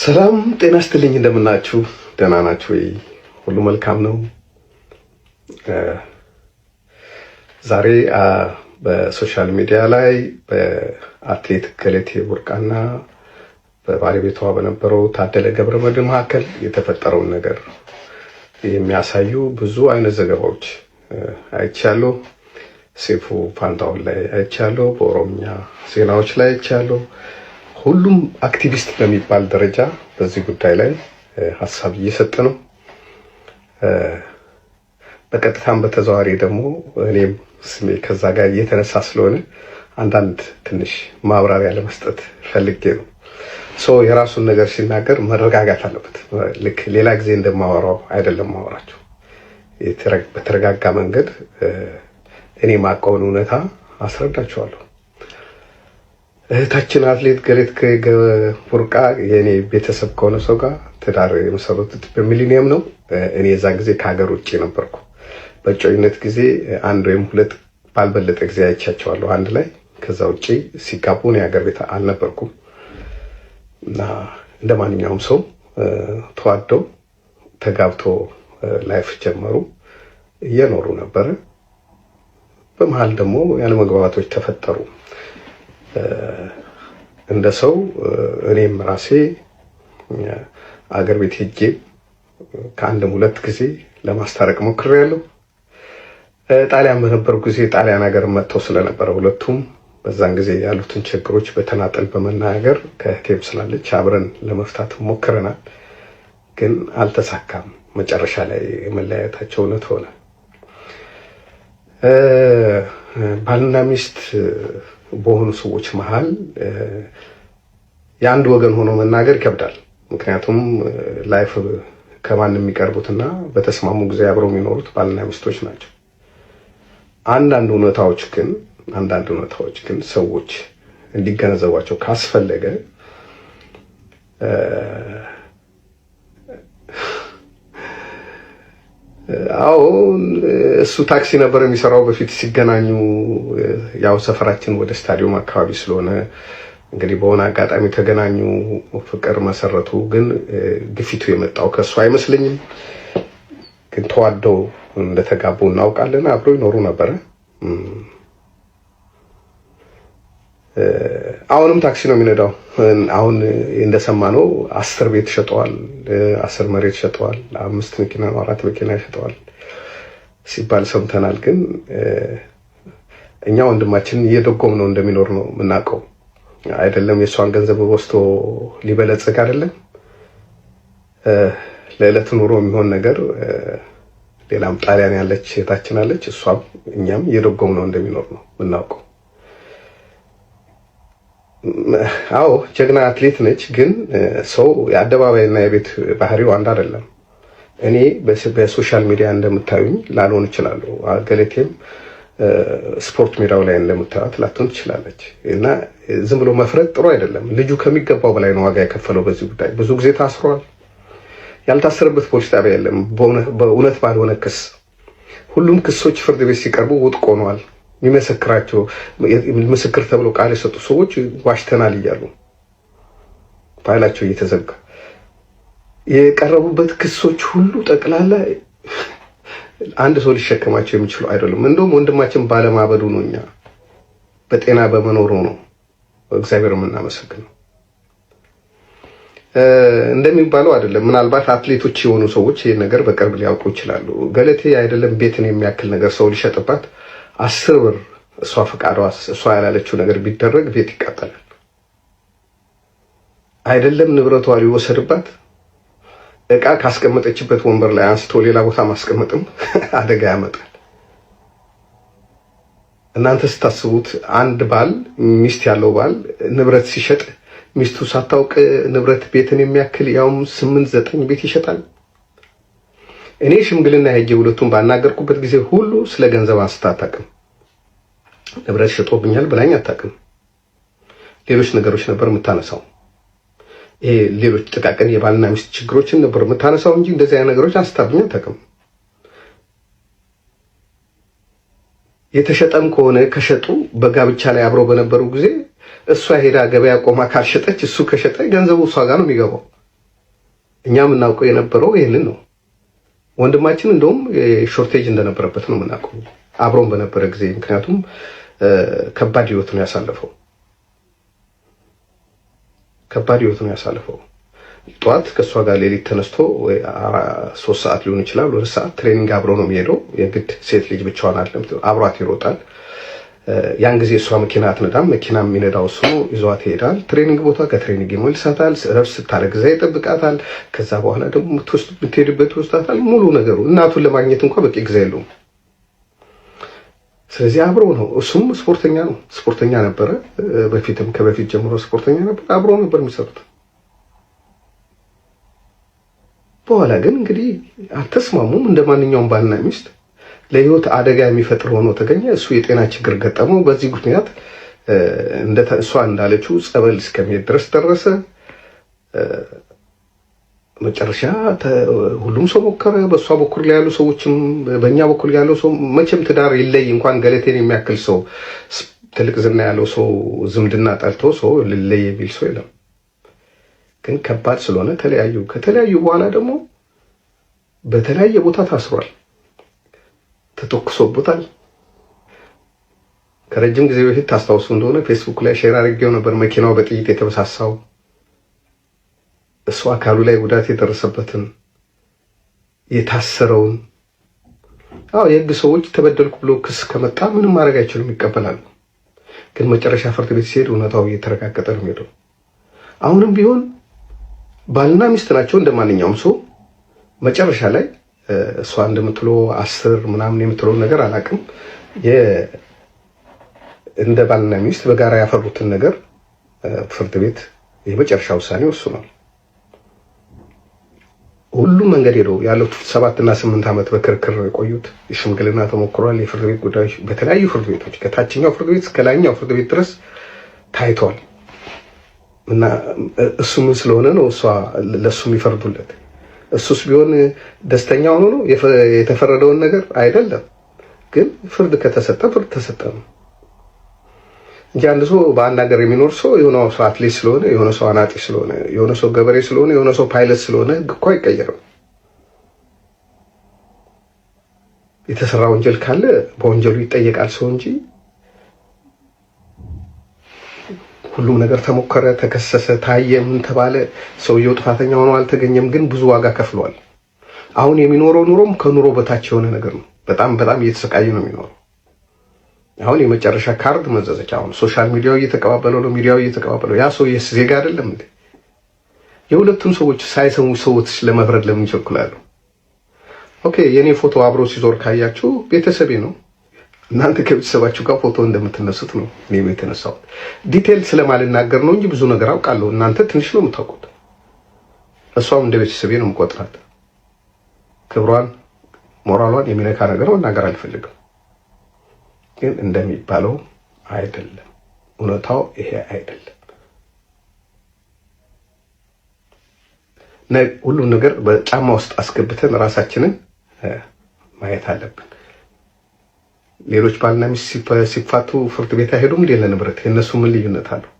ሰላም ጤና ስትልኝ እንደምናችሁ፣ ደህና ናችሁ ወይ? ሁሉ መልካም ነው። ዛሬ በሶሻል ሚዲያ ላይ በአትሌት ገለቴ ቡርቃና በባለቤቷ በነበረው ታደለ ገብረ መድን መካከል የተፈጠረውን ነገር የሚያሳዩ ብዙ አይነት ዘገባዎች አይቻሉ። ሴፉ ፋንታሁን ላይ አይቻሉ። በኦሮምኛ ዜናዎች ላይ አይቻለሁ። ሁሉም አክቲቪስት በሚባል ደረጃ በዚህ ጉዳይ ላይ ሀሳብ እየሰጠ ነው። በቀጥታም በተዘዋሪ ደግሞ እኔም ስሜ ከዛ ጋር እየተነሳ ስለሆነ አንዳንድ ትንሽ ማብራሪያ ለመስጠት ፈልጌ ነው። ሰው የራሱን ነገር ሲናገር መረጋጋት አለበት። ልክ ሌላ ጊዜ እንደማወራው አይደለም ማወራቸው። በተረጋጋ መንገድ እኔ ማቀውን እውነታ አስረዳቸዋለሁ። እህታችን አትሌት ገሌት ወርቃ የኔ ቤተሰብ ከሆነ ሰው ጋር ትዳር የመሰረቱት በሚሊኒየም ነው። እኔ የዛን ጊዜ ከሀገር ውጭ ነበርኩ። በጮኝነት ጊዜ አንድ ወይም ሁለት ባልበለጠ ጊዜ አይቻቸዋለሁ አንድ ላይ። ከዛ ውጭ ሲጋቡ እኔ ሀገር ቤት አልነበርኩም እና እንደ ማንኛውም ሰው ተዋደው ተጋብቶ ላይፍ ጀመሩ እየኖሩ ነበረ። በመሀል ደግሞ ያለመግባባቶች ተፈጠሩ። እንደ ሰው እኔም ራሴ አገር ቤት ሄጄ ከአንድም ሁለት ጊዜ ለማስታረቅ ሞክሬያለሁ። ጣሊያን በነበሩ ጊዜ ጣሊያን ሀገር መጥተው ስለነበረ ሁለቱም በዛን ጊዜ ያሉትን ችግሮች በተናጠል በመናገር ከእህቴም ስላለች አብረን ለመፍታት ሞክረናል፣ ግን አልተሳካም። መጨረሻ ላይ የመለያየታቸው እውነት ሆነ። ባልና ሚስት በሆኑ ሰዎች መሀል የአንድ ወገን ሆኖ መናገር ይከብዳል። ምክንያቱም ላይፍ ከማን የሚቀርቡትና በተስማሙ ጊዜ አብረው የሚኖሩት ባልና ሚስቶች ናቸው። አንዳንድ እውነታዎች ግን አንዳንድ እውነታዎች ግን ሰዎች እንዲገነዘቧቸው ካስፈለገ አሁን እሱ ታክሲ ነበር የሚሰራው በፊት ሲገናኙ፣ ያው ሰፈራችን ወደ ስታዲየም አካባቢ ስለሆነ እንግዲህ በሆነ አጋጣሚ ተገናኙ፣ ፍቅር መሰረቱ። ግን ግፊቱ የመጣው ከእሱ አይመስለኝም። ግን ተዋደው እንደተጋቡ እናውቃለን። አብሮ ይኖሩ ነበረ። አሁንም ታክሲ ነው የሚነዳው። አሁን እንደሰማነው አስር ቤት ሸጠዋል፣ አስር መሬት ሸጠዋል፣ አምስት መኪና ነው አራት መኪና ሸጠዋል ሲባል ሰምተናል። ግን እኛ ወንድማችን እየደጎም ነው እንደሚኖር ነው የምናውቀው። አይደለም የእሷን ገንዘብ ወስቶ ሊበለጽግ አይደለም ለዕለት ኑሮ የሚሆን ነገር ሌላም ጣሊያን ያለች እህታችን አለች። እሷም እኛም እየደጎም ነው እንደሚኖር ነው የምናውቀው። አዎ ጀግና አትሌት ነች። ግን ሰው የአደባባይና የቤት ባህሪው አንድ አይደለም። እኔ በሶሻል ሚዲያ እንደምታዩኝ ላልሆን እችላለሁ። ገለቴም ስፖርት ሜዳው ላይ እንደምታዩት ላትሆን ትችላለች። እና ዝም ብሎ መፍረድ ጥሩ አይደለም። ልጁ ከሚገባው በላይ ነው ዋጋ የከፈለው በዚህ ጉዳይ። ብዙ ጊዜ ታስሯል። ያልታሰረበት ፖሊስ ጣቢያ የለም። በእውነት ባልሆነ ክስ ሁሉም ክሶች ፍርድ ቤት ሲቀርቡ ውድቅ ሆኗል። የሚመሰክራቸው ምስክር ተብሎ ቃል የሰጡ ሰዎች ዋሽተናል እያሉ ፋይላቸው እየተዘጋ የቀረቡበት ክሶች ሁሉ ጠቅላላ አንድ ሰው ሊሸከማቸው የሚችሉ አይደለም። እንደውም ወንድማችን ባለማበዱ ነው፣ እኛ በጤና በመኖሩ ነው እግዚአብሔር የምናመሰግነው። እንደሚባለው አይደለም። ምናልባት አትሌቶች የሆኑ ሰዎች ይህን ነገር በቅርብ ሊያውቁ ይችላሉ። ገለቴ አይደለም ቤትን የሚያክል ነገር ሰው ሊሸጥባት አስር ብር እሷ ፈቃዷ እሷ ያላለችው ነገር ቢደረግ ቤት ይቃጠላል። አይደለም ንብረቷ ሊወሰድባት እቃ ካስቀመጠችበት ወንበር ላይ አንስቶ ሌላ ቦታ ማስቀመጥም አደጋ ያመጣል። እናንተ ስታስቡት አንድ ባል ሚስት ያለው ባል ንብረት ሲሸጥ ሚስቱ ሳታውቅ ንብረት ቤትን የሚያክል ያውም ስምንት ዘጠኝ ቤት ይሸጣል። እኔ ሽምግልና ሄጄ ሁለቱን ባናገርኩበት ጊዜ ሁሉ ስለ ገንዘብ አንስታ አታውቅም። ንብረት ሽጦብኛል ብላኝ አታውቅም። ሌሎች ነገሮች ነበር የምታነሳው። ይሄ ሌሎች ጥቃቅን የባልና ሚስት ችግሮችን ነበር የምታነሳው እንጂ እንደዚህ አይነት ነገሮች አንስታብኝ አታውቅም። የተሸጠም ከሆነ ከሸጡ በጋብቻ ላይ አብረው በነበሩ ጊዜ እሷ ሄዳ ገበያ ቆማ ካልሸጠች እሱ ከሸጠ ገንዘቡ እሷ ጋር ነው የሚገባው። እኛ የምናውቀው የነበረው ይህንን ነው። ወንድማችን እንደውም ሾርቴጅ እንደነበረበት ነው የምናውቀው አብሮን በነበረ ጊዜ። ምክንያቱም ከባድ ህይወት ነው ያሳለፈው፣ ከባድ ህይወት ነው ያሳለፈው። ጠዋት ከእሷ ጋር ሌሊት ተነስቶ ሶስት ሰዓት ሊሆን ይችላል፣ ወደ ሰዓት ትሬኒንግ አብሮ ነው የሚሄደው። የግድ ሴት ልጅ ብቻዋን አለም፣ አብሯት ይሮጣል። ያን ጊዜ እሷ መኪና አትነዳም። መኪና የሚነዳው እሱ ይዟት ይሄዳል። ትሬኒንግ ቦታ ከትሬኒንግ ይመልሳታል። ረፍት ስታደርግ እዛ ይጠብቃታል። ከዛ በኋላ ደግሞ የምትሄድበት ይወስዳታል። ሙሉ ነገሩ እናቱን ለማግኘት እንኳ በቂ ጊዜ የለውም። ስለዚህ አብሮ ነው። እሱም ስፖርተኛ ነው፣ ስፖርተኛ ነበረ። በፊትም ከበፊት ጀምሮ ስፖርተኛ ነበር። አብሮ ነበር የሚሰሩት። በኋላ ግን እንግዲህ አልተስማሙም፣ እንደ ማንኛውም ባልና ሚስት ለህይወት አደጋ የሚፈጥር ሆኖ ተገኘ። እሱ የጤና ችግር ገጠመው። በዚህ ምክንያት እሷ እንዳለችው ጸበል እስከሚሄድ ድረስ ደረሰ። መጨረሻ ሁሉም ሰው ሞከረ። በእሷ በኩል ላይ ያሉ ሰዎችም በእኛ በኩል ያለው ሰው መቼም ትዳር ይለይ እንኳን ገለቴን የሚያክል ሰው ትልቅ ዝና ያለው ሰው ዝምድና ጠልቶ ሰው ልለይ የሚል ሰው የለም። ግን ከባድ ስለሆነ ተለያዩ። ከተለያዩ በኋላ ደግሞ በተለያየ ቦታ ታስሯል። ተተኩሶበታል። ከረጅም ጊዜ በፊት ታስታውሱ እንደሆነ ፌስቡክ ላይ ሼር አድርጌው ነበር። መኪናው በጥይት የተበሳሳው እሱ አካሉ ላይ ጉዳት የደረሰበትን የታሰረውን። አዎ የህግ ሰዎች ተበደልኩ ብሎ ክስ ከመጣ ምንም ማድረግ አይችሉም፣ ይቀበላሉ። ግን መጨረሻ ፍርድ ቤት ሲሄድ እውነታው እየተረጋገጠ ነው የሚሄደው። አሁንም ቢሆን ባልና ሚስት ናቸው እንደማንኛውም ሰው መጨረሻ ላይ እሷ እንደምትሎ አስር ምናምን የምትለው ነገር አላውቅም። እንደ ባልና ሚስት በጋራ ያፈሩትን ነገር ፍርድ ቤት የመጨረሻ ውሳኔ ወስኗል። ሁሉም መንገድ ሄደው ያሉት ሰባትና ስምንት ዓመት በክርክር የቆዩት ሽምግልና ተሞክሯል። የፍርድ ቤት ጉዳዮች በተለያዩ ፍርድ ቤቶች ከታችኛው ፍርድ ቤት እስከ ላይኛው ፍርድ ቤት ድረስ ታይቷል እና እሱ ምን ስለሆነ ነው እሷ ለእሱ የሚፈርዱለት? እሱስ ቢሆን ደስተኛ ሆኖ ነው የተፈረደውን ነገር አይደለም። ግን ፍርድ ከተሰጠ ፍርድ ተሰጠ ነው እንጂ አንድ ሰው በአንድ ሀገር የሚኖር ሰው የሆነ ሰው አትሌት ስለሆነ፣ የሆነ ሰው አናጢ ስለሆነ፣ የሆነ ሰው ገበሬ ስለሆነ፣ የሆነ ሰው ፓይለት ስለሆነ ህግ እኮ አይቀየርም። የተሰራ ወንጀል ካለ በወንጀሉ ይጠየቃል ሰው እንጂ ሁሉም ነገር ተሞከረ፣ ተከሰሰ፣ ታየ፣ ምን ተባለ። ሰውየው ጥፋተኛ ሆኖ አልተገኘም፣ ግን ብዙ ዋጋ ከፍሏል። አሁን የሚኖረው ኑሮም ከኑሮ በታች የሆነ ነገር ነው። በጣም በጣም እየተሰቃየ ነው የሚኖረው። አሁን የመጨረሻ ካርድ መዘዘች። አሁን ሶሻል ሚዲያው እየተቀባበለው ነው፣ ሚዲያው እየተቀባበለው ያ ሰው የስ ዜጋ አይደለም እንዴ? የሁለቱም ሰዎች ሳይሰሙ ሰዎች ለመፍረድ ለምን ይቸኩላሉ? ኦኬ የኔ ፎቶ አብሮ ሲዞር ካያችሁ ቤተሰቤ ነው። እናንተ ከቤተሰባችሁ ጋር ፎቶ እንደምትነሱት ነው እኔም የተነሳሁት። ዲቴል ስለማልናገር ነው እንጂ ብዙ ነገር አውቃለሁ። እናንተ ትንሽ ነው የምታውቁት። እሷም እንደ ቤተሰቤ ነው የምቆጥራት። ክብሯን፣ ሞራሏን የሚነካ ነገር መናገር አልፈልግም። ግን እንደሚባለው አይደለም፣ እውነታው ይሄ አይደለም። ሁሉም ነገር በጫማ ውስጥ አስገብተን ራሳችንን ማየት አለብን። ሌሎች ባልና ሚስት ሲፋቱ ፍርድ ቤት አይሄዱም እንዴ? ለንብረት የእነሱ ምን ልዩነት አለው?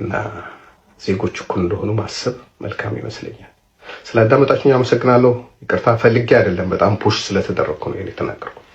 እና ዜጎች እኩል እንደሆኑ ማሰብ መልካም ይመስለኛል። ስላዳመጣችሁኝ አመሰግናለሁ። ይቅርታ ፈልጌ አይደለም፣ በጣም ፑሽ ስለተደረግኩ ነው የተናገርኩት።